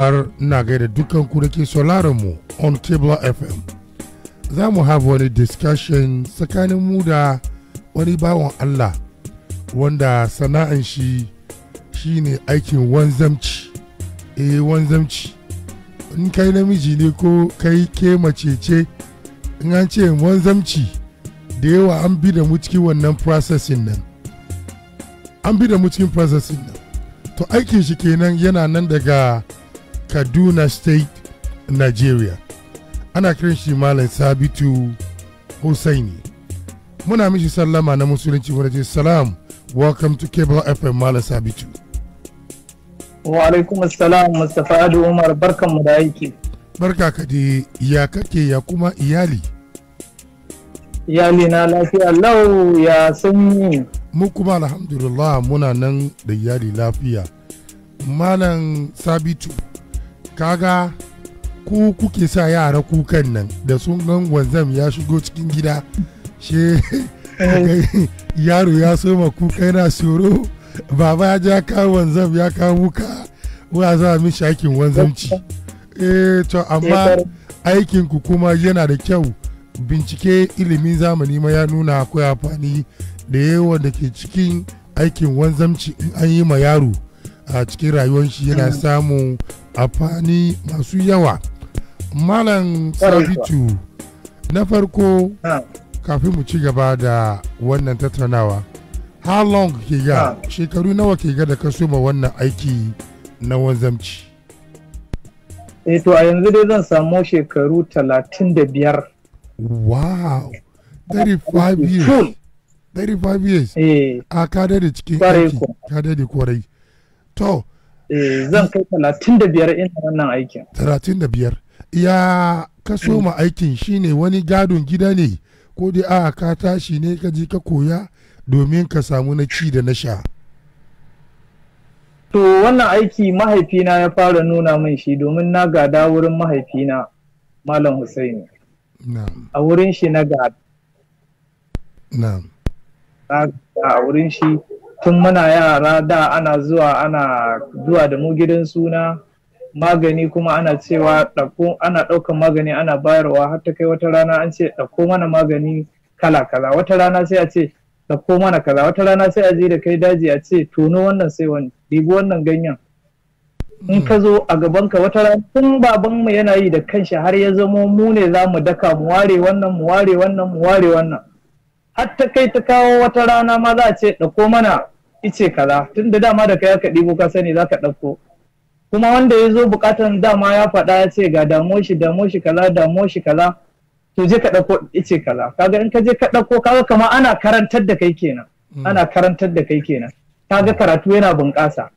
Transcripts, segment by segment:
har na gaida dukkan ku da ke mu on Table FM. Za mu have wani discussion tsakanin mu da wani bawan Allah wanda sana'an shi shine ne aikin wanzamci. Eh wanzamci. In kai namiji ne ko kai ke mace ce in an ce wanzamci da yawa an bi da mu cikin wannan processing nan. An bi da mu cikin processing nan. To aikin shi kenan yana nan daga kaduna state nigeria ana kiran shi malam sabitu hussaini muna mishi sallama na musulunci wanda ce salam welcome to cable fm malam sabitu wa alaikum assalam mustapha adu umar barkan mu da aiki barka ka dai ya kake ya kuma iyali iyali na lafiya lau ya sanyi mu kuma alhamdulillah muna nan da iyali lafiya malam sabitu kaga ku kuke sa yara kukan nan da sun gan wanzam ya shigo cikin gida she yaro ya soma kuka yana soro baba ya ja kawo wanzam ya kawo wuka wa za mi shakin wanzamci eh to amma eh, aikin ku kuma yana da kyau bincike ilimin zamani ma ya nuna akwai amfani da yawa da ke cikin aikin wanzamci in an yi ma yaro a cikin rayuwar shi yana mm. samun amfani masu yawa malam sabitu na farko kafin mu ci gaba da wannan tattaunawa how long ke ga shekaru nawa ke ga da ka soma wannan aiki na wanzamci eh to a yanzu dai zan samu shekaru 35 wow 35 years 35 years eh. a ka da cikin aiki ka da kwarai to eh, zan kai talatin da biyar ina wannan aikin talatin da biyar ya ka soma aikin shine wani gadon gida ne ko dai a ka tashi ne ka je ka koya domin ka samu na ci da na sha to wannan aiki mahaifina ya fara nuna min shi domin na gada wurin mahaifina malam Hussaini. a wurin shi na gada a wurin shi tun muna yara da ana zuwa ana zuwa da mu gidan suna magani kuma ana cewa ɗauko ana ɗaukan magani ana bayarwa har ta kai wata rana an ce ɗauko mana magani kala kala wata rana sai a ce ɗauko mana kaza wata rana sai a je da kai daji a ce tono wannan sai wani ɗibi wannan ganyen in ka zo a gabanka wata rana tun mu yana yi da kanshi har ya zamo mu ne za mu daka mu ware wannan mu ware wannan mu ware wannan har ta kai ta kawo wata rana ma za a ce ɗauko mana ice kaza tun da dama da kai ka ɗibo ka sani za ka ɗauko kuma wanda ya zo bukatan dama ya faɗa ya ce ga damo shi damo shi kaza damo shi kaza to je ka ɗauko ice kaza kaga in ka je ka ɗauko kaga kamar ana karantar da kai kenan hmm. ana karantar da kai kenan kaga karatu yana bunƙasa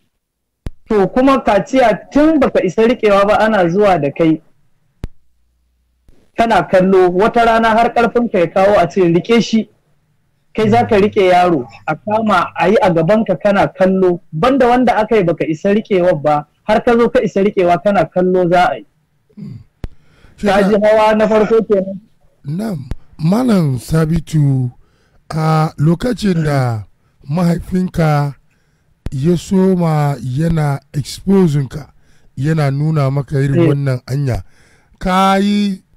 to kuma kaciya tun baka isa riƙewa ba ana zuwa da kai kana kallo wata rana har ƙarfin ka ya kawo a ce rike shi kai za ka rike yaro a kama a yi a gabanka kana kallo banda wanda aka yi baka isa rikewa ba har ka zo ka isa rikewa kana kallo za a yi ta hmm. ji hawa na farko kenan na'am malam sabitu a lokacin da mahaifinka ya soma yana ka yana nuna maka irin eh. wannan anya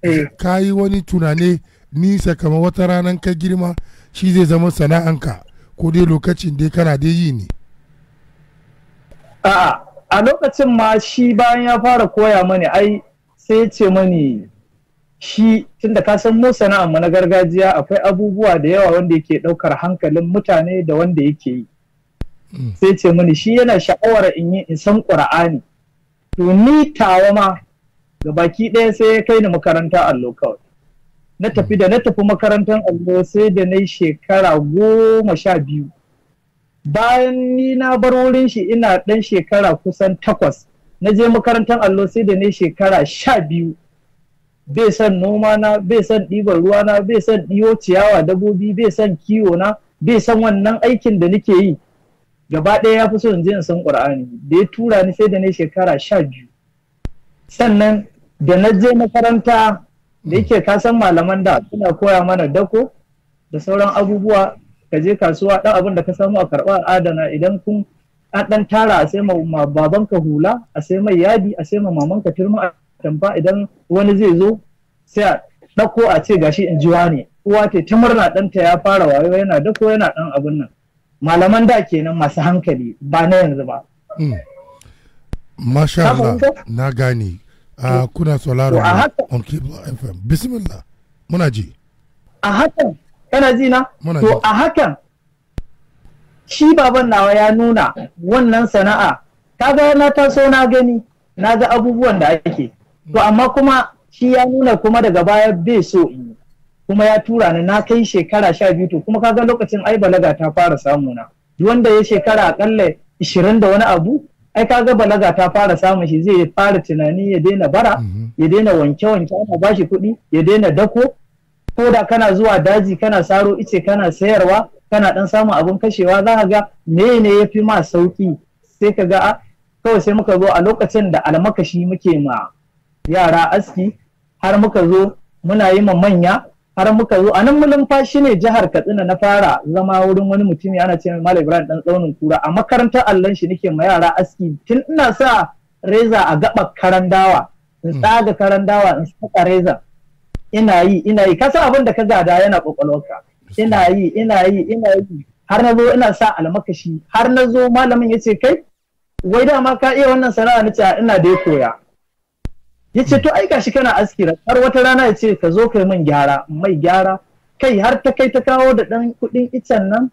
eh. ka yi wani tunani nisa kama wata ranar ka girma shi zai zama sana'anka ko dai lokacin dai kana dai yi ne a'a a lokacin ma shi bayan ya fara koya mani ai sai ya ce mani shi tunda ka san mu mu na gargajiya akwai abubuwa da yawa wanda yake daukar hankalin mutane da wanda yake yi mm. sai ce mani shi yana sha'awar in yi in san qur'ani to ni tawa ma ga baki ɗaya sai ya kai ni makaranta allo kawai na tafi da na tafi makarantar allo sai da na shekara goma sha biyu bayan ni na bar wurin shi ina ɗan shekara kusan takwas na je makarantar allo sai da na shekara sha biyu bai san noma na bai san ɗibar ruwa na bai san ɗiyo ciyawa dabobi bai san kiwo na bai san wannan aikin da nake yi gaba ɗaya ya fi so in je in san ƙur'ani da ya tura ni sai da na shekara sha biyu sannan da na je makaranta da yake ka san malaman da suna koya mana dako da sauran abubuwa ka je kasuwa ɗan abin da ka samu a karɓa adana idan kun an ɗan tara a sai ma babanka hula a sai mai yadi a sai ma mamanka turma a tamfa idan wani zai zo sai a ɗauko a ce gashi in jiwa ne uwa ta ta murna ɗanta ya fara wayo yana dako yana ɗan abin nan malaman da kenan masu hankali ba na yanzu ba. Hmm. Masha Allah na gane Ah, kuna on fm bismillah muna ji a hakan kana ji na to a hakan shi baban nawa ya nuna wannan sana'a kaga na so na gani na ga abubuwan da ake to amma kuma shi ya nuna kuma daga baya bai so in kuma ya tura ni na kai shekara sha biyu to kuma ka ga lokacin ai balaga ta fara samu na wanda ya shekara akalla ishirin da wani abu ai ka ga balaga ta fara samun shi zai fara tunani ya daina bara mhm. ya daina wanke wanke ana bashi kuɗi ya daina dako ko da kana zuwa daji kana saro ice kana sayarwa kana dan samun abin kashewa za ka ga me ne ya fi ma sauki sai ka ga a kawai sai muka zo a lokacin da almakashi muke ma yara aski har muka zo muna yi ma manya har muka zo a nan fashi ne jihar katsina na fara zama wurin wani mutumi ana ce mai malam ibrahim dan tsaunin kura a makarantar allon shi nake ma yara aski tun ina sa reza a gaba karandawa in mm. tsaga karandawa in saka reza ina yi ina yi kasan abin da ka gada yana kokolonka ina yi ina yi ina yi har na zo ina sa almakashi har na zo malamin ya kai wai dama ka iya wannan sana'a na ce ina da ya koya ya ce to ai gashi kana aski har wata rana ya ce ka zo kai min gyara mai gyara kai har ta kai ta kawo da ɗan kuɗin icen nan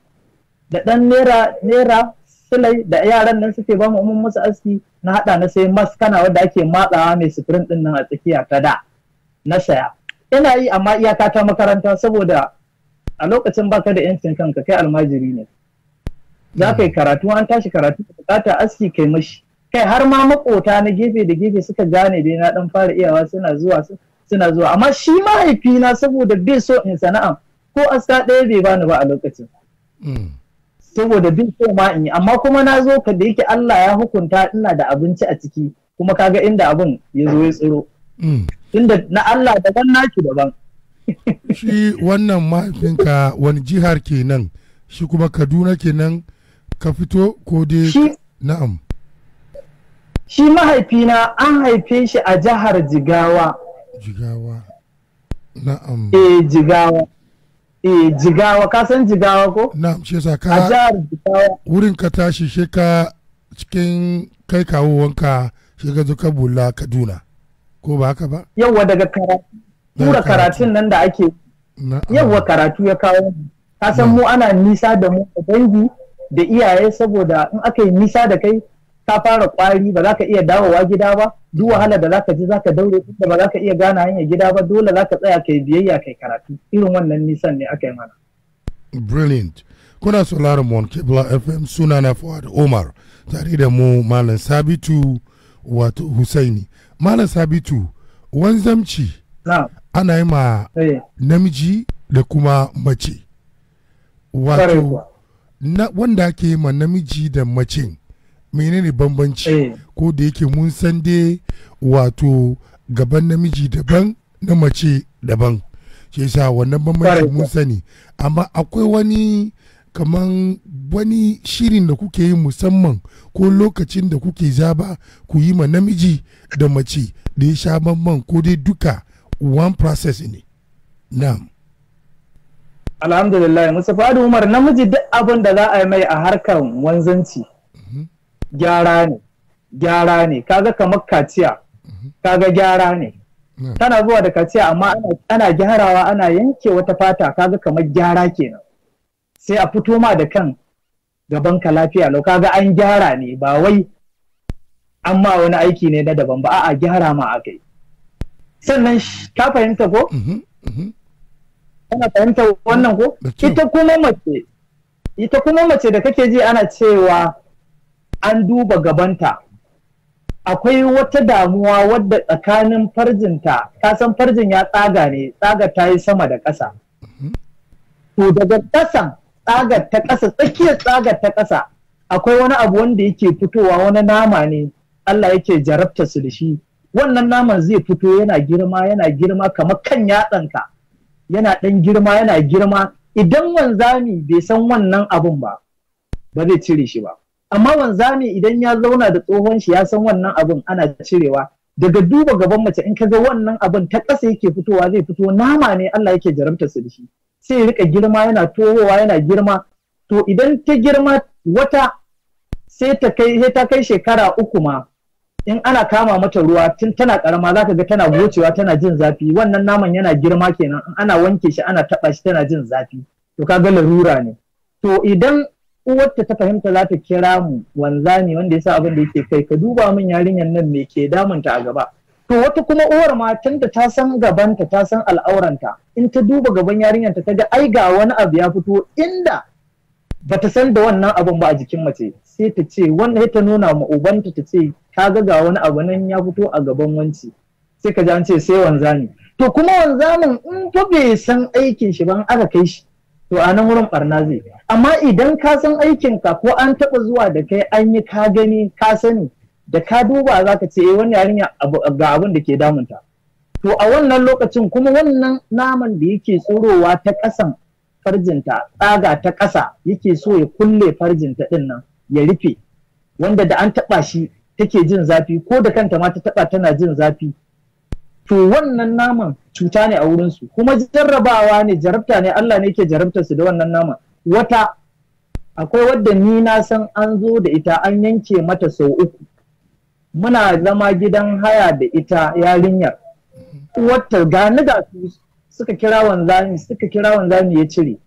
da ɗan nera naira silai da yaran nan suke ba mu umman musu aski na haɗa na sai maskana wanda ake matsawa mai sifirin din nan a tsakiya ta da na saya ina yi amma iyaka ta makaranta saboda a lokacin baka da yancin kanka kai almajiri ne za ka yi karatu an tashi karatu bukata aski kai mashi kai har ma makota na gefe da gefe suka gane dai na dan fara iyawa suna zuwa suna zuwa amma shi mahaifina saboda bai so in sana'a ko aska ɗaya bai bani ba a lokacin mm. saboda bin so ma in yi amma kuma na zo ka da yake Allah ya hukunta ina da abinci a ciki kuma kaga inda abin ya zo ya tsiro inda mm. na Allah daban naki daban shi wannan mahaifinka wani jihar kenan shi kuma Kaduna kenan ka fito ko dai na'am shi mahaifina an haife shi a jihar jigawa jigawa na'am eh jigawa e jigawa ka san jigawa ko na'am shi yasa ka a jihar jigawa wurin ka tashi shi ka cikin kai kawowanka shi ka zo ka bula kaduna ko ba haka ba yawwa daga karatu tura karatun nan da ake yawwa karatu ya kawo ka san mu ana nisa da mu da dangi da iyaye saboda in aka yi nisa da kai ka fara kwari ba za ka iya dawowa gida ba duk wahala da za ka ji za ka daure da ba za ka iya gane hanyar gida ba dole za ka tsaya kai biyayya kai karatu irin wannan nisan ne aka yi mana. brilliant kuna sauraron mon kibla fm suna na fuad omar tare da mu malam sabitu wato husaini malam sabitu wanzamci ana yi ma eh. namiji da kuma mace wato wanda ake yi ma namiji da mace menene bambanci eh. ko da yake mun san dai wato gaban namiji daban na mace daban shi yasa wannan bambanci mun sani amma akwai wani kaman wani shirin da kuke yi musamman ko lokacin da kuke zaba ku yi ma namiji da mace da ya sha bamban ko dai duka one process ne na'am alhamdulillah mustafa umar namiji duk abin da za a yi mai a harkan wanzanci gyara ne gyara ne kaga kamar kaciya kaga gyara ne tana zuwa da kaciya amma ana gyarawa ana yanke wata fata kaga kamar gyara kenan sai a fito ma da kan gaban ka lafiya lau kaga an gyara ne ba wai an ma wani aiki ne na daban ba a'a gyara ma aka yi sannan ka fahimta ko mm-hmm, mm-hmm. kana fahimta wannan ko ita kuma mace ita kuma mace da kake ji ana cewa an duba gabanta akwai wata damuwa wadda tsakanin farjinta ta san farjin ya tsaga ne tsaga ta yi sama da ƙasa mhm. to daga ƙasan tsagar ta ƙasa tsakiyar tsagar ta ƙasa akwai wani abu wanda yake fitowa wani nama ne Allah yake jarabta su da shi wannan naman zai fito yana girma yana girma kamar kan yatsanka yana ɗan girma yana girma idan wanzami bai san wannan abun ba ba zai cire shi ba amma wanzami idan ya zauna da tsohon shi ya san wannan abin ana cirewa daga duba gaban mace in ka ga wannan abin ta ƙasa yake fitowa zai fito nama ne Allah yake jaramta su da shi sai rika girma yana tohowa yana girma to idan ta girma wata sai ta kai sai ta kai shekara uku ma in ana kama mata ruwa tun tana karama zaka ga tana gocewa tana jin zafi wannan naman yana girma kenan in ana wanke shi ana taba shi tana jin zafi to ka ga larura ne to idan wacce ta fahimta za ta kira mu wanzami wanda ya sa abin da yake kai ka duba min yarinyar nan me ke damunta a gaba to wata kuma uwar matan da ta san gabanta ta san al'auranta in ta duba gaban yarinyar ta ga ai ga wani abu ya fito inda bata san da wannan abin ba a jikin mace sai ta ce wannan ta nuna ma ubanta ta ce ta ga ga wani abu nan ya fito a gaban wanci sai ka ji ce sai wanzami to kuma wanzamin in ta bai san aikin shi ba aka kai shi to a nan wurin barna zai amma idan ka san aikinka ko an taɓa zuwa da kai an yi ka gani ka sani da ka duba za ka ce eh, wani yarinya ga abin da ke damunta to a wannan lokacin kuma wannan naman da yake tsorowa ta ƙasan farjinta tsaga ta ƙasa yake so ya kulle farjinta ɗin nan ya rufe wanda da an taɓa shi take jin zafi ko da kanta ma ta taɓa tana jin zafi to wannan naman cuta ne a wurinsu kuma jarrabawa ne jarabta ne Allah ne ke jarabta su da wannan naman wata akwai wadda ni na san an zo da ita an yanke mata sau uku muna zama gidan haya da ita yarinyar wata gani da su suka kira wanzami suka kira wanzami ya cire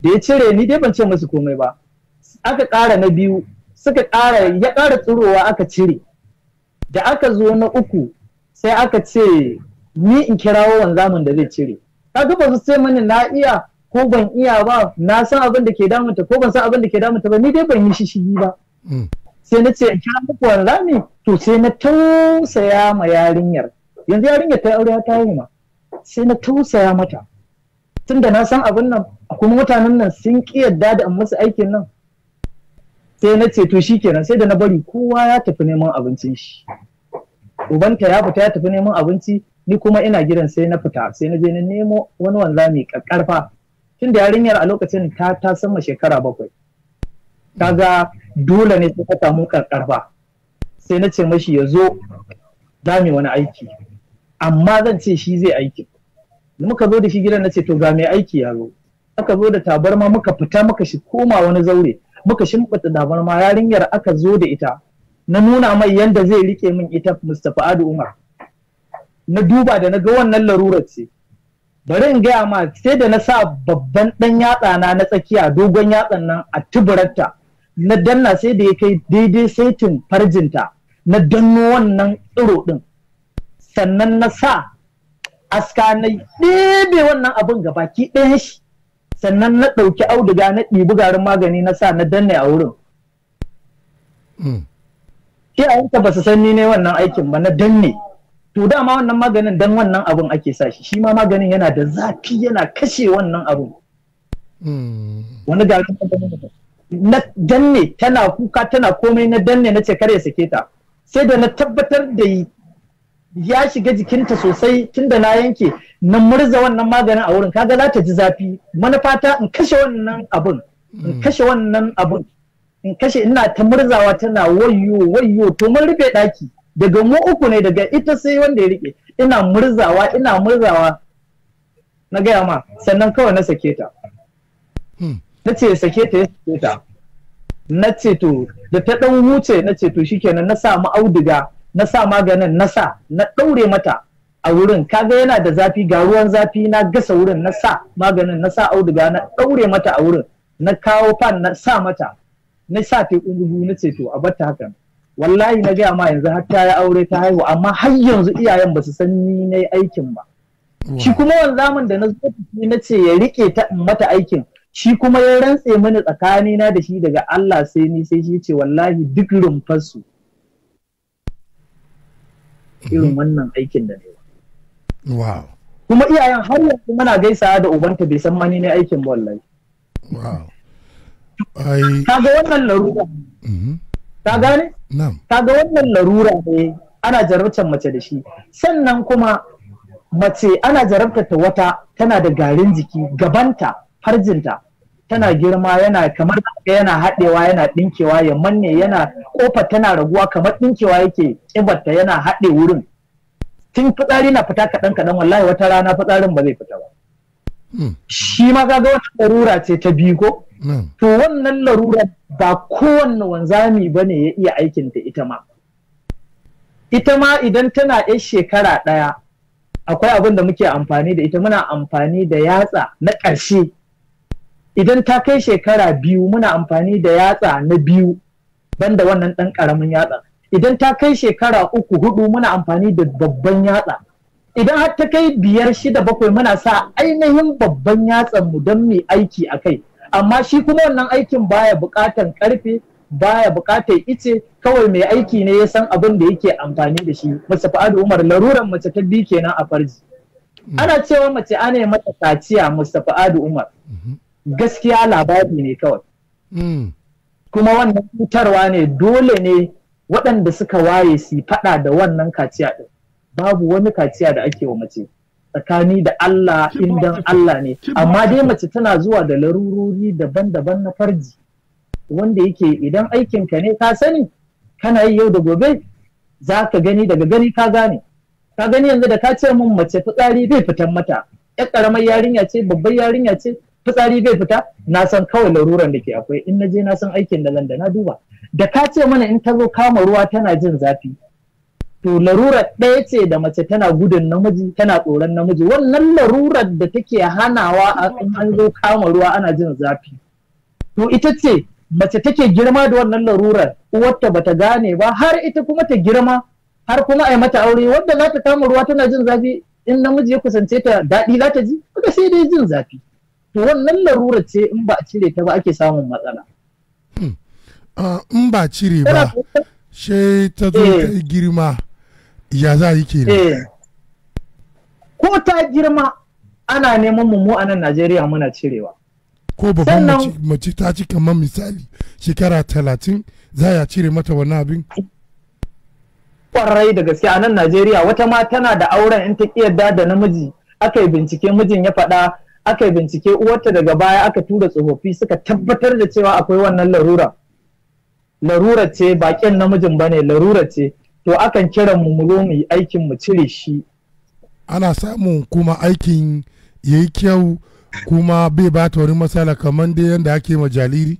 da ya cire ni dai ban ce musu komai ba aka ƙara na biyu suka ƙara ya ƙara tsirowa aka cire da aka zo na uku sai aka ce ni in kirawo wanzamin da zai cire kaga ba su ce mani na iya ko ban iya ba na san abin da ke damunta ko ban san abin da ke damunta ba ni dai ban yi shishigi ba mm. sai na ce in kira muku wanzami to sai na tausaya ma yarinyar yanzu yarinyar ta aure ta yi ma sai na tausaya mata tunda na san abin nan kuma mutanen nan sun ki yadda da in musu aikin nan sai na ce to kenan. sai da na bari kowa ya tafi neman abincin shi ubanta ya fita ya tafi neman abinci ni kuma ina gidan sai na fita sai na je na nemo wani wanzami karfa tun da yarinyar a lokacin ta ta sama shekara bakwai Ta ga dole ne sai ta samu karfa sai na ce mashi ya zo za mu wani aiki amma zan ce shi zai aiki muka zo da shi gidan na ce to ga mai aiki ya zo aka zo da tabarma muka fita muka shi koma wani zaure muka shimfiɗa tabarma yarinyar aka zo da ita na nuna mai yanda zai rike min ita Mustapha Adu Umar na duba da na ga wannan larurar ce bari in gaya ma sai da na sa babban dan yatsa na na tsakiya dogon yatsan nan a tuburarta na danna sai da ya kai daidai saitin farjinta na danno wannan tsiro din sannan na sa aska na ɗebe wannan abin gabaki ɗayan shi sannan na ɗauki auduga na ɗibi garin magani na sa na danne a wurin hmm. yanka ba su san ni ne wannan aikin ba na dan ne. to dama wannan maganin dan wannan abun ake sa shi shi ma maganin yana da zafi yana kashe wannan abun hmm. wani garin na dan ne tana kuka tana komai na dan ne na ce kare sake ta sai da na tabbatar da ya shiga jikinta sosai tunda na yanke na murza wannan maganin a wurin kaga za ta ji zafi manufata in kashe wannan abun in hmm. kashe wannan abun in kashe ina ta murzawa tana wayyo wayyo to mun rufe daki daga mu uku ne daga ita sai wanda ya rike ina murzawa ina murzawa na gaya ma sannan kawai na sake ta hmm. na ce sake ta ya sake ta na ce to da ta dan wuce na ce to shikenan na sa auduga na sa maganin na sa na daure mata a wurin kaga yana da zafi ga ruwan zafi na gasa wurin na sa maganin na sa auduga na daure mata a wurin na kawo fan na sa mata na sa ta kungugu na ce to a ta hakan, wallahi na gaya ma yanzu har ta aure ta haihu amma har yanzu iyayen ba su san ni na yi aikin ba shi kuma wani da na zo na ce ya rike ta mata aikin shi kuma ya rantse mini tsakanina da shi daga Allah sai ni sai shi ce wallahi duk rumfarsu mhm. irin wannan aikin da ne wow kuma iyayen har yanzu muna gaisawa da ubanta bai san mani ni ne aikin ba wallahi wow kaga wannan larura ta mhm. gane kaga wannan larura ne ana jarabtar mace da shi sannan kuma mace ana jarabtar ta wata tana da garin jiki gabanta farjinta tana girma yana kamar yana haɗewa yana ɗinkewa ya manne yana kofar tana raguwa kamar ɗinkewa yake ƙibarta yana haɗe wurin tun fitsari na fita kaɗan kaɗan wallahi wata rana fitsarin ba zai fita ba hmm. shi ma kaga wata larura ce ta biyu ko to wannan larurar ba kowanne wanzami ba ne ya iya aikinta ita ma ita ma idan tana 'yar shekara ɗaya akwai abin da muke amfani da ita muna amfani da yatsa na ƙarshe idan ta kai shekara biyu muna amfani da yatsa na biyu banda wannan ɗan ƙaramin yatsa idan ta kai shekara uku hudu muna amfani da babban yatsa idan har ta kai biyar shida bakwai muna sa ainihin babban yatsan mu don mai aiki a kai amma shi kuma wannan aikin baya bukatar karfe, baya bukatar ice kawai mai aiki ne ya san abin da yake amfani da shi mace fa'adu umar laruran mace ta bi kenan a farji mm. ana cewa mace ana mata kaciya mustapha fa'adu umar mm-hmm. gaskiya labari ne kawai mm. kuma wannan cutarwa ne dole ne waɗanda suka waye su faɗa da wannan kaciya ɗin babu wani kaciya da ake wa mace tsakani da Allah indan Allah ne amma dai mace tana zuwa da larurori daban-daban na farji wanda yake idan aikinka ne ka sani kana yi yau da gobe za ka gani daga gani ka gane ka gani yanzu da ka ce min mace fitsari bai fitan mata yar karamar yarinya ce babbar yarinya ce fitsari bai fita na san kawai laruran da ke akwai in na je na san aikin da zan da na duba da ka ce mana in ta zo kama ruwa tana jin zafi to larurar ɗaya ce da mace tana gudun namiji tana tsoron namiji wannan larurar da take hanawa a an zo kama ruwa ana jin zafi to ita ce mace take girma da wannan larurar uwarta bata gane ba har ita kuma ta girma har kuma ai mata aure wanda za ta kama ruwa tana jin zafi in namiji ya kusance ta daɗi za ta ji kuma sai dai jin zafi to wannan larurar ce in ba a cire ta ba ake samun matsala hmm. ah, in ba cire ba sai ta zo ta girma ya za yi ke eh. ko ta girma ana neman mu a nan najeriya muna cirewa ko babban mace ta ci kamar misali shekara talatin za ya cire mata wani abin kwarai da gaske a nan najeriya wata ma tana da auren in ta yarda da namiji aka yi bincike mijin ya faɗa aka yi bincike uwarta daga baya aka tura tsofaffi suka tabbatar da cewa akwai wannan larura larura ce baƙin namijin ba ne larura ce to akan kira mu mu zo mu yi aikin mu cire shi ana samun kuma aikin ya yi kyau kuma bai ba ta wani matsala kamar dai yadda ake ma jaliri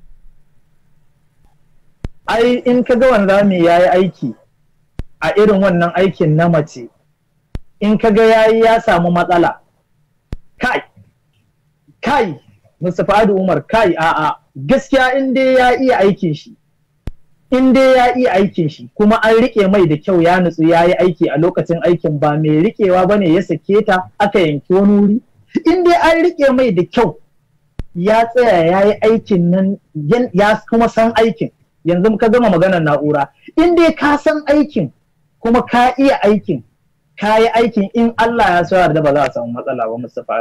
ai in ka ga wanda wanzami ya yi aiki a irin wannan aikin na mace in ka ga yayi ya samu matsala kai kai Mustapha Adu Umar kai a'a gaskiya in dai ya iya aikin shi in dai ya iya aikin shi kuma an rike mai da kyau ya nutsu ya yi aiki a lokacin aikin ba mai rikewa ba ne ya sake ta aka yanki wani wuri in dai an rike mai da kyau ya tsaya ya yi aikin nan ya kuma san aikin yanzu ka gama maganar na'ura in dai ka san aikin kuma ka iya aikin ka yi aikin in Allah ya so da ba za a samu matsala ba Mustapha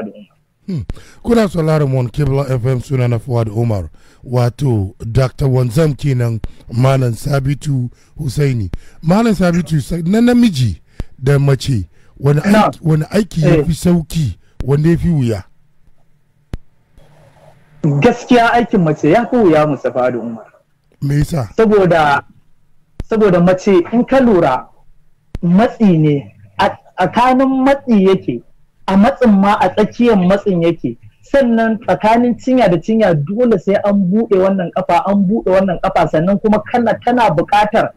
Hmm. Kuna sauraron mon Kibla FM suna na Fuad Umar wato Dr. Wanzam kenan Malam Sabitu Husaini. Malam Sabitu na namiji da mace wani aiki ya eh. fi sauki wanda ya fi wuya. Gaskiya aikin mace ya fi wuya musa fadi Umar. Me yasa? Saboda saboda mace in ka lura matsi ne a tsakanin matsi yake. a matsin ma a tsakiyar matsin yake sannan tsakanin cinya da cinya dole sai an buɗe wannan kafa an buɗe wannan kafa sannan kuma kana tana buƙatar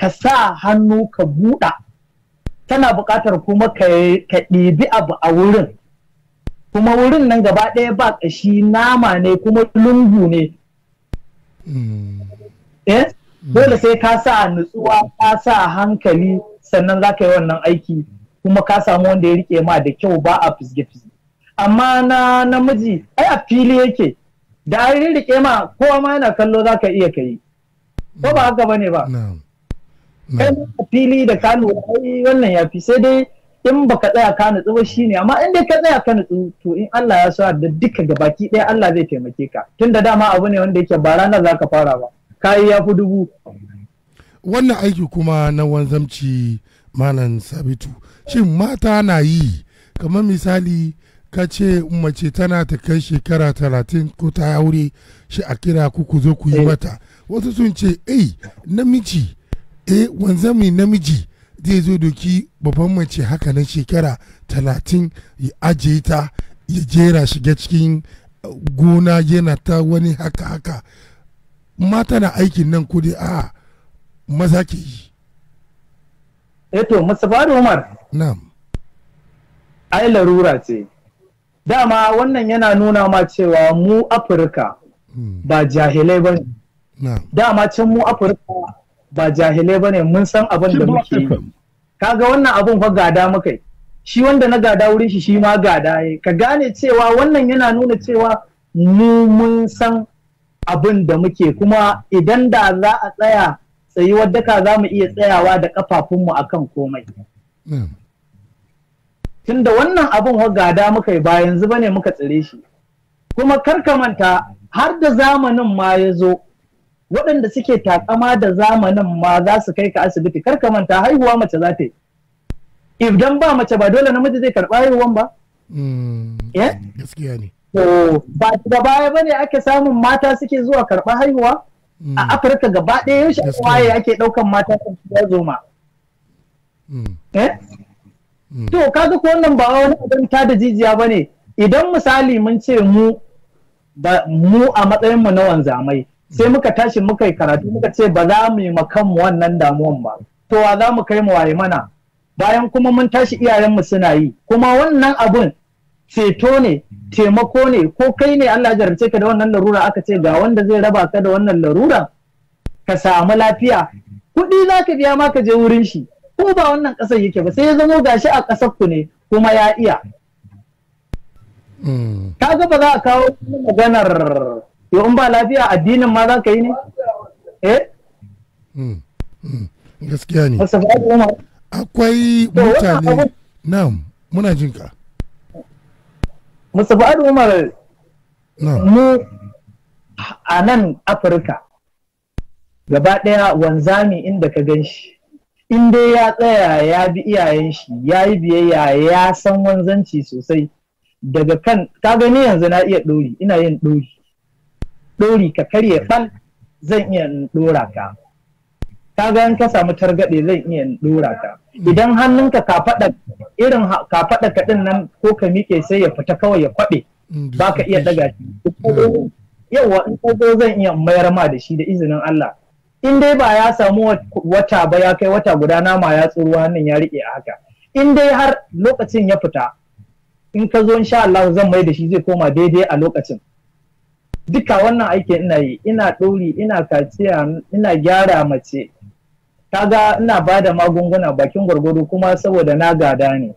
ka sa hannu ka buɗa tana buƙatar kuma ka ɗebi abu a wurin kuma wurin nan gaba ɗaya ba ƙashi nama ne kuma lungu ne hmm. Eh? Hmm. dole sai ka sa nutsuwa ka sa hankali sannan za ka yi wannan aiki kuma ka samu wanda ya rike ma da kyau ba a fisge fisge amma na namiji ai a fili yake da an rike ma kowa ma yana kallo za ka iya kai ko ba haka bane ba kai a fili da ka lura wannan ya fi sai dai in baka tsaya ka nutsu ba shine amma in dai ka tsaya ka nutsu to in Allah ya sa da duka baki ɗaya Allah zai taimake ka tunda dama abu ne wanda yake ba ranar za ka fara ba kayi ya fi dubu wannan aiki kuma na wanzamci malam sabitu shin mata na yi kamar misali ka ce mace tana ta kai shekara talatin ko ta aure shi a kira ku ku zo ku yi eh. mata wasu sun ce eh namiji eh mai namiji zai zo doki babban mace haka na shekara talatin ya ajiye ta ya jera shiga cikin eh, gona yana ta wani haka haka mata na aikin nan kudi a maza ke yi eto eh mustapha umar Nam. Ai larura ce. Dama wannan yana nuna ma cewa mu Afirka hmm. ba jahilai ba ne. Dama can mu Afirka ba jahilai ba ne mun san abin da muke yi. Kaga wannan abin fa gada muka Shi wanda na gada wurin shi shi ma gada yi. Ka gane cewa wannan yana nuna cewa mu mun san abin da muke kuma idan da za a tsaya tsayuwar daka za mu iya tsayawa da kafafunmu akan komai. tunda wannan abin gada muka yi ba yanzu ba ne muka tsire shi kuma karkamanta manta har da zamanin ma ya zo waɗanda suke takama da zamanin ma za su kai ka asibiti karkamanta manta haihuwa mace za ta yi idan ba mace ba dole namiji zai karɓa haihuwan ba mm, eh? gaskiya ne ba da baya bane ake samun mata suke zuwa karɓa haihuwa a mm. afirka gaba ɗaya yaushe waye ake ɗaukan mata kan zoma Eh? Mm. to kaga ko wannan ba wani abin ta da jijiya ba ne idan misali mun ce mu a matsayin mu na wanzamai sai muka tashi muka yi karatu muka ce ba za mu yi kanmu wannan damuwan ba to wa za mu kai mu waye mana bayan kuma mun tashi iyayenmu suna yi kuma wannan abun ceto ne taimako ne ko kai ne Allah jarabce ka da wannan larura aka ce ga wanda zai raba ka da wannan larura ka samu lafiya kuɗi za ka biya ma ka je wurin shi ko ba wannan ƙasar yake ba sai ya zamo gashi a ƙasar ku ne kuma ya iya ga ba za a kawo maganar yau in ba lafiya addinin ma za ka yi ne eh gaskiya ne akwai mutane na muna jinka Mustapha Umar mu a nan Afirka gaba ɗaya wanzami inda ka gan shi in dai ya tsaya ya bi iyayen shi ya yi biyayya ya san wanzanci sosai daga kan ka gani yanzu na iya ɗori ina yin ɗori dori ka karye fal zan iya dora ka ka ga ka samu targaɗe zan iya dora ka idan hannunka ka faɗa irin ka faɗa kaɗin nan ko ka miƙe sai ya fita kawai ya kwaɓe mm, ba ka iya ɗaga shi yauwa in ko zan iya mayar ma da shi da izinin Allah in dai ba ya samu wata ba ya kai wata guda nama ya tsoro hannun ya rike a haka in dai har lokacin ya fita in ka zo insha Allah zan mai da shi zai koma daidai a lokacin duka wannan aikin ina yi ina ɗori ina kaciya ina gyara mace kaga ina ba da magunguna bakin gwargwado kuma saboda na gada ne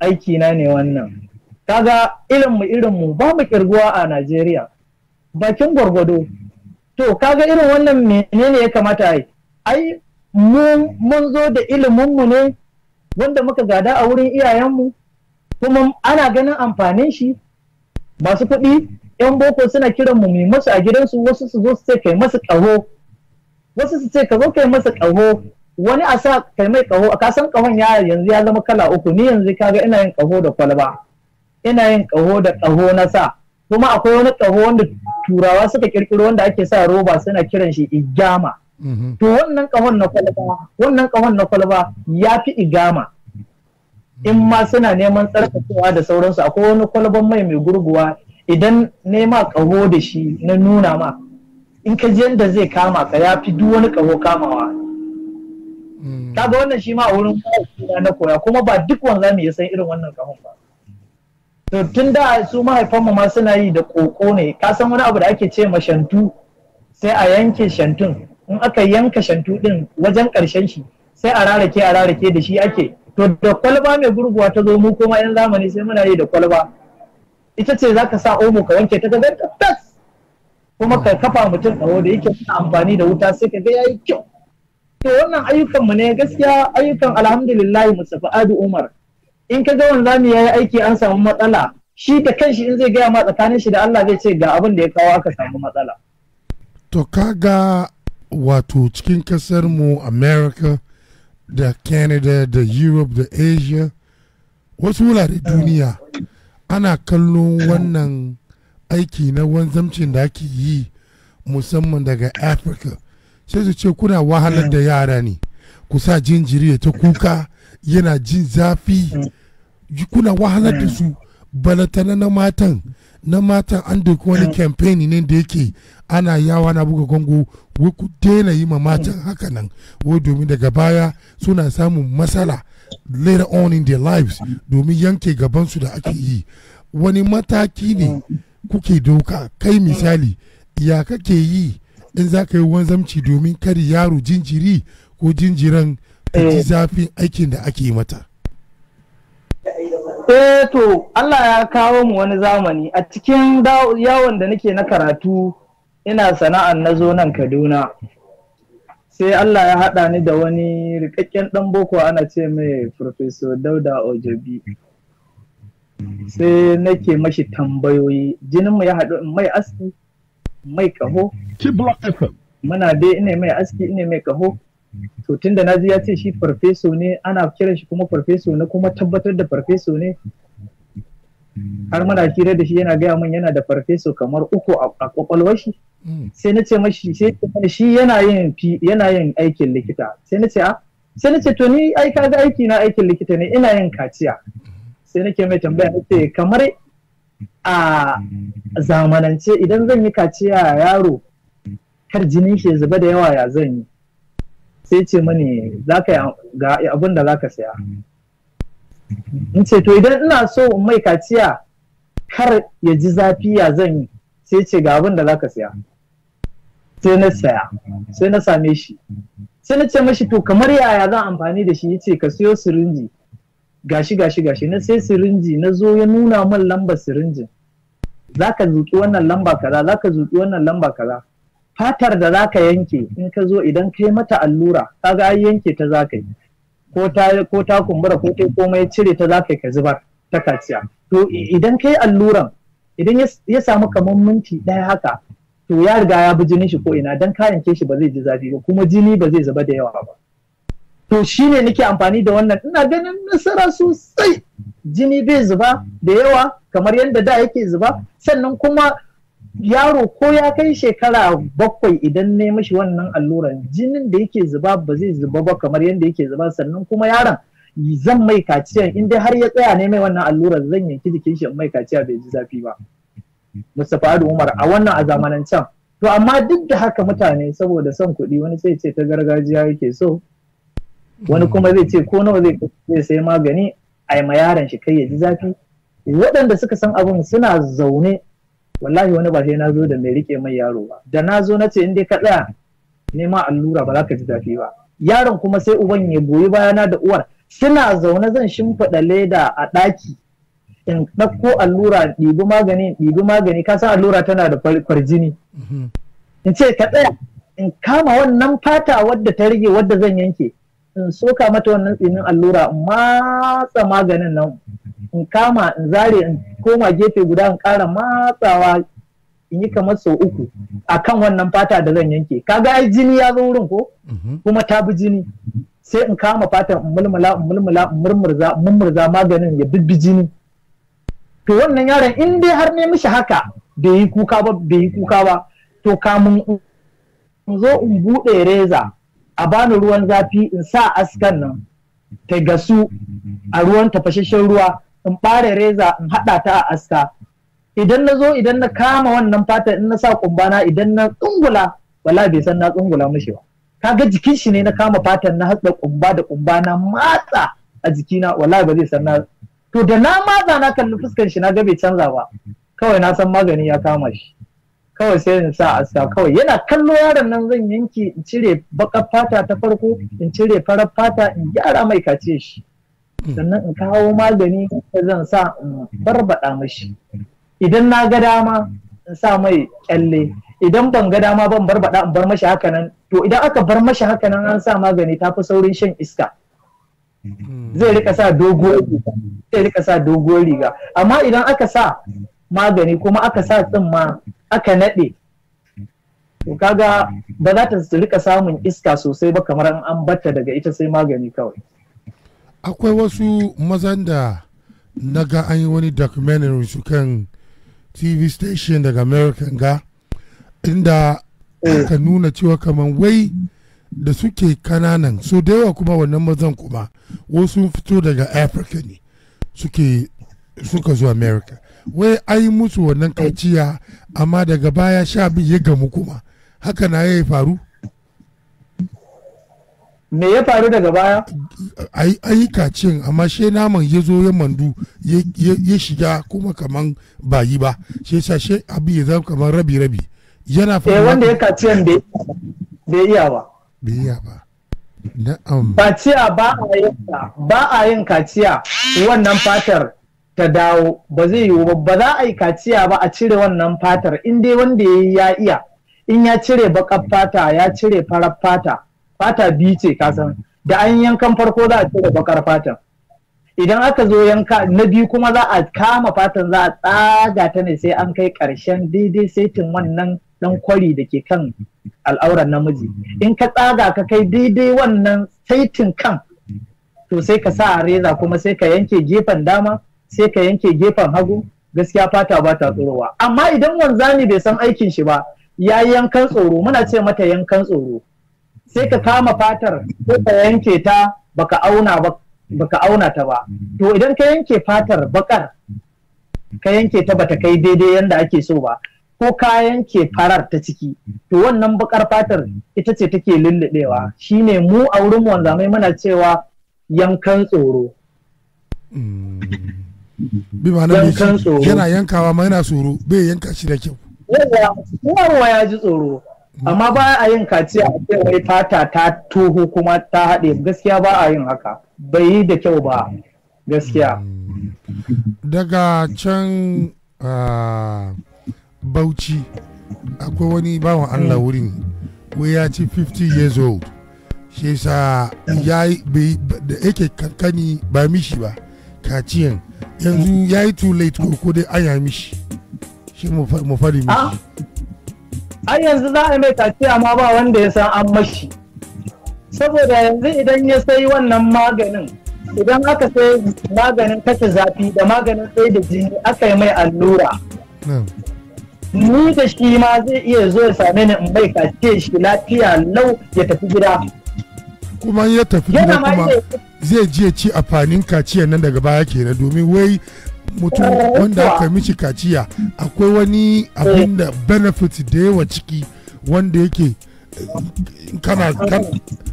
aiki na ne wannan kaga irinmu irinmu ba mu kirguwa a Najeriya bakin gwargwado to kaga irin wannan menene ya kamata ai ai mun zo da iliminmu ne wanda muka gada a wurin iyayenmu kuma ana ganin amfanin shi masu kuɗi yan boko suna kiran mu mai masu a gidansu wasu su zo su ce kai masu ƙaho wasu su ce ka zo kai masa ƙaho wani a sa kai mai ƙaho a kasan ƙahon ya yanzu ya zama kala uku ni yanzu kaga ina yin ƙaho da kwalba ina yin ƙaho da ƙaho na sa kuma akwai wani ƙaho wanda turawa suka kirkiro wanda ake sa roba suna kiran shi igama mhm. to wannan kahon na kwalba wannan kahon na kwalba ya fi igama in ma suna neman tsarkakewa da sauransu akwai wani kwalban mai mai gurguwa idan nema kaho da shi na nuna ma in ka ji yadda zai kama ka ya fi duk wani kaho kamawa mm. ga wannan shi ma a wurin na koya kuma ba duk wanzami ya san irin wannan kahon ba to tun da su mahaifanmu ma suna yi da koko ne ka san wani abu da ake ce ma shantu sai a yanke shantun in aka yanka shantu din wajen karshen shi sai a rarake a rarake da shi ake to da kwalba mai gurguwa ta zo mu kuma yan zamani sai muna yi da kwalba ita ce za ka sa omo ka wanke ta ga tas kuma ka kafa mutum ɗaho da yake amfani da wuta sai ka ga yayi kyau to wannan ayyukan mu ne gaskiya ayyukan alhamdulillah Mustafa Adu Umar in ka ga wanzami ya yi aiki an samu matsala shi da kanshi in zai gaya ma tsakanin shi da Allah zai ce ga abin da ya kawo aka samu matsala. To kaga wato cikin kasar mu America da Canada da Europe da Asia wasu wurare duniya ana kallon wannan aiki na wanzamcin da ake yi musamman daga Africa sai su ce kuna wahalar da yara ne ku sa jinjiri ta kuka yana jin zafi mm. kuna wahalar da mm. su balata na matan na matan an da wani mm. campaign ne da yake ana yawa na buga gongo ku daina yi ma matan haka nan wai domin daga baya suna samun matsala later on in their lives domin yanke gabansu da ake yi wani mataki ne kuke doka kai misali ya kake yi in za ka yi wanzamci domin kar yaro jinjiri ko jinjiran Eh. ta ji zafin aikin da ake mata eh to Allah ya kawo mu wani zamani a cikin yawon da nake na karatu ina sana'ar na zo nan Kaduna sai Allah ya haɗa ni da wani rikakken ɗan boko ana ce mai Professor Dauda Ojobi sai nake mashi tambayoyi jinin ya haɗu mai aski mai kaho muna dai ina mai aski ina mai kaho to da na ji ya ce shi farfeso ne ana kiran shi kuma farfeso na kuma tabbatar da farfeso ne har muna hira da shi yana gaya min yana da farfeso kamar uku a kwakwalwar shi hmm. sai na ce mashi sai shi yana yin yana yin aikin likita sai na ce a ah? sai na ce to ni ai ka ga aiki na aikin likita ne ina yin kaciya sai nake mai tambaya na ce kamar a zamanance idan zan yi kaciya yaro kar jinin shi ya zuba da yawa ya zan yi sai ce mani za ka ga abin da za ka saya in ce to idan ina so mai kaciya kar ya ji zafi ya zan yi sai ce ga abin da za ka saya sai na saya sai na same shi sai na ce mashi to kamar yaya zan amfani da shi ya ce ka siyo sirinji gashi gashi gashi na sai sirinji na zo ya nuna min lambar sirinjin za ka zuƙi wannan lamba kaza za ka zuƙi wannan lamba kaza fatar da zaka yanke in ka zo idan kai mata allura kaga ai yanke ta zaka yi ko ta ko ta kumbura ko kai komai cire ta zaka yi ka zubar ta kaciya to idan kai alluran idan ya samu kamar minti ɗaya haka to ya riga ya bi jinin shi ko ina dan ka yanke shi ba zai ji zafi ba kuma jini ba zai zuba da yawa ba to shine nake amfani da wannan ina ganin nasara sosai jini bai zuba da yawa kamar yadda da yake zuba sannan kuma yaro ko ya kai shekara bakwai idan ne mashi wannan alluran jinin da yake zuba ba zai zuba ba kamar yadda yake zuba sannan kuma yaron zan mai kaciya in dai har ya tsaya ne mai wannan alluran zan yanki jikin shi mai kaciya bai ji zafi ba Mustapha Adu Umar a wannan a can to amma duk da haka mutane saboda son kuɗi wani sai ce ta gargajiya yake so wani kuma zai ce ko nawa zai sai magani a yi ma yaron shi kai ya ji zafi waɗanda suka san abin suna zaune wallahi wani ba sai na zo da mai rike mai yaro ba da na zo na ce in dai ka tsaya nema allura ba za ka ji zafi ba yaron kuma sai uban ya goyi bayana da uwar suna zaune zan shimfiɗa leda a ɗaki in ɗauko allura ɗibi magani ɗibi magani ka san allura tana da kwarjini mhm. in ce ka tsaya in kama wannan fata wadda ta rage wadda zan yanke in soka mata wannan tsinin allura in matsa maganin nan in kama in zare in koma gefe guda in kara matsawa in yi kamar sau uku a kan wannan fata da zan yanke kaga ai jini ya zo wurin ko mhm. kuma ta bi jini sai in kama fatan in mulmula in mulmula in murmurza murmurza maganin ya bibbi jini to wannan yaron in dai har ne mishi haka bai yi kuka ba bai yi kuka ba to kamun in zo in buɗe reza a bani ruwan zafi in sa askan nan ta gasu a ruwan tafashashen ruwa in ɓare reza in haɗa ta a aska idan na zo idan na kama wannan fata in na sa kumbana idan na tsungula wala bai san na tsungula mushi ba kaga jikin shi ne na kama fatan na hatsa kumba da kumba na matsa a jikina wala ba zai san na to da na matsa na kalli fuskan shi na ga bai canza ba kawai na san magani ya kama shi kawai sai in sa a sa mm-hmm. kawai yana kallo yaron nan zan yanki in cire bakar fata ta farko in cire farar fata in gyara mai kace shi mm-hmm. sannan in kawo magani da zan sa in barbada mashi mm-hmm. idan na ga dama in sa mai kyalle idan ban ga dama ban barbada in bar mashi haka nan to idan aka bar mashi haka nan an sa magani ta fi saurin shan iska zai rika sa doguwar riga zai rika sa doguwar riga amma idan aka sa magani kuma aka sa tsin ma aka naɗe to kaga ba za ta rika samun iska sosai ba kamar an batta daga ita sai magani kawai akwai wasu mazan da na ga an yi wani documentary su kan tv station daga america ga inda ka nuna cewa kamar wai da suke kananan so da yawa kuma wannan mazan kuma wasu fito daga africa ne suke suka zo america wai ai musu wannan eh. kaciya amma daga baya sha biyu ya gamu kuma haka na ya faru me ya faru daga baya a yi kacin amma she naman ya zo ya mandu ya shiga kuma kamar bayi ba shi sa she abu ya zama kamar rabi rabi yana faru eh wanda ya kaciyan bai iya ba bai iya ba na'am kaciya ba a yin ba a yin kaciya wannan fatar ta dawo ba zai yiwu ba za a yi kaciya ba a cire wannan fatar in dai wanda ya ya iya in ya cire baƙar fata ya cire farar fata fata biyu ce kasan da an yankan farko za a cire baƙar fatan idan aka zo yanka na biyu kuma za a kama fatan za a tsaga ta ne sai an kai ƙarshen daidai saitin wannan dan kwari da ke kan al'auran namiji in ka tsaga ka kai daidai wannan saitin kan to sai ka sa a reza kuma sai ka yanke gefen dama sai ka yanke gefen hagu gaskiya fata ba ta tsorowa amma idan wanzami bai san aikin shi ba ya yankan tsoro muna ce mata yankan tsoro sai ka kama fatar ko ka yanke ta baka auna ba baka auna ta ba to idan ka yanke fatar bakar ka yanke ta bata kai daidai yanda ake so ba ko ka yanke farar ta ciki to wannan bakar fatar ita ce take lulluɓewa shine mu a wurin wanzamai muna cewa yankan tsoro hmm. bi mai yana yankawa ma yana tsoro bai yanka shi da kyau yawa ya ji tsoro amma ba a yin kaciya a ce wai fata ta toho kuma ta haɗe gaskiya ba a yin haka bai yi da kyau ba gaskiya daga can ah, bauchi akwai wani bawan allah wurin wai ya ci 50 years old shi ya yi da yake kankani ba mishi ba kaciyan yanzu ya yi too late ko dai an yami shi shi mu fari mishi ah. ai yanzu za a mai kaciya ma ba wanda ya san an mashi saboda yanzu idan ya sai wannan maganin idan aka sai maganin kashe zafi da maganin sai da jini aka yi mai allura ni da shi ma zai iya zo ya same ni in mai kaciya shi lafiya lau ya tafi gida kuma ya tafi gida kuma zai je ci amfanin kaciya nan daga baya kenan domin wai mutum wanda aka mishi kaciya akwai wani abin da benefit da yawa ciki wanda yake eh, kana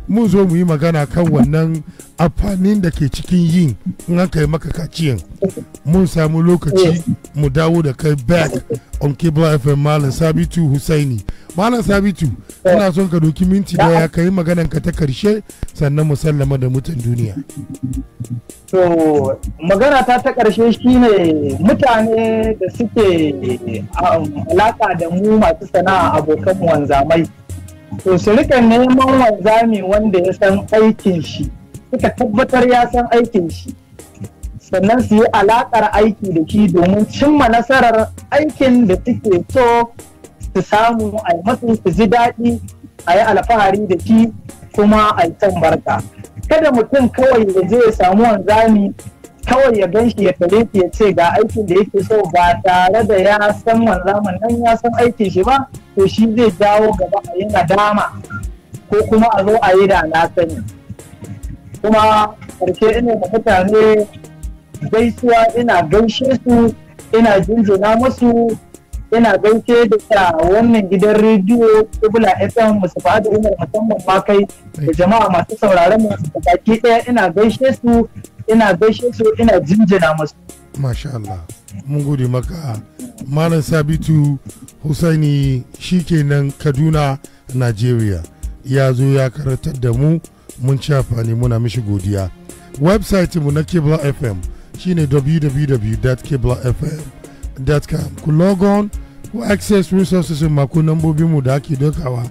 mu zo mu yi magana kan wannan amfanin da ke cikin yin in aka yi maka kaciyan mun samu lokaci mu dawo da kai back on cable fm malam sabitu husaini malam sabitu ina son ka doki minti daya ka yi maganan ka ta karshe sannan mu sallama da mutan duniya to magana ta ta karshe shine mutane da suke um, alaka da mu masu sana'a abokan wanzamai to su rika neman wanzami wanda ya san aikin shi suka tabbatar ya san aikin shi sannan su yi alaƙar aiki da shi domin cimma nasarar aikin da suke so su samu a yi matsayin su ji daɗi a yi alfahari da shi kuma a yi son barka kada mutum kawai ya je ya samu wanzami kawai ya gan shi ya tare shi ya ce ga aikin da yake so ba tare da ya san wanzamin nan ya san aikin shi ba to shi zai jawo gaba a yi dama, ko kuma a zo a yi da na sani kuma karshe ina da mutane gaisuwa ina gaishe su ina jinjina masu. yana gaishe da wannan gidan rediyo kubula fm musafa da umar musamman bakai kai da jama'a masu sauraron mu baki daya ina gaishe su ina gaishe su ina jinjina musu masha Allah mun gode maka malam sabitu husaini shikenan kaduna nigeria ya zo ya karatar da mu mun ci amfani muna mishi godiya website mu na cable fm shine www.cablefm.com com ku log on ku access resources ma ku mu da ake dokawa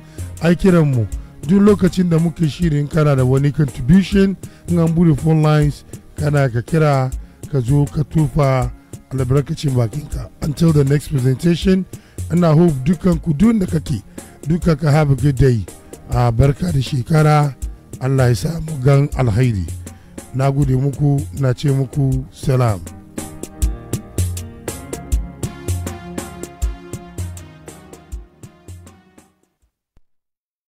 ai kiranmu duk lokacin da muke shirin kana da wani contribution in an bude phone lines kana ka kira ka zo ka tufa albarkacin bakinka until the next presentation and i hope dukan ku duk da kake duka ka have a good day a barka da shekara allah ya samu gan alhairi na gode muku na ce muku salam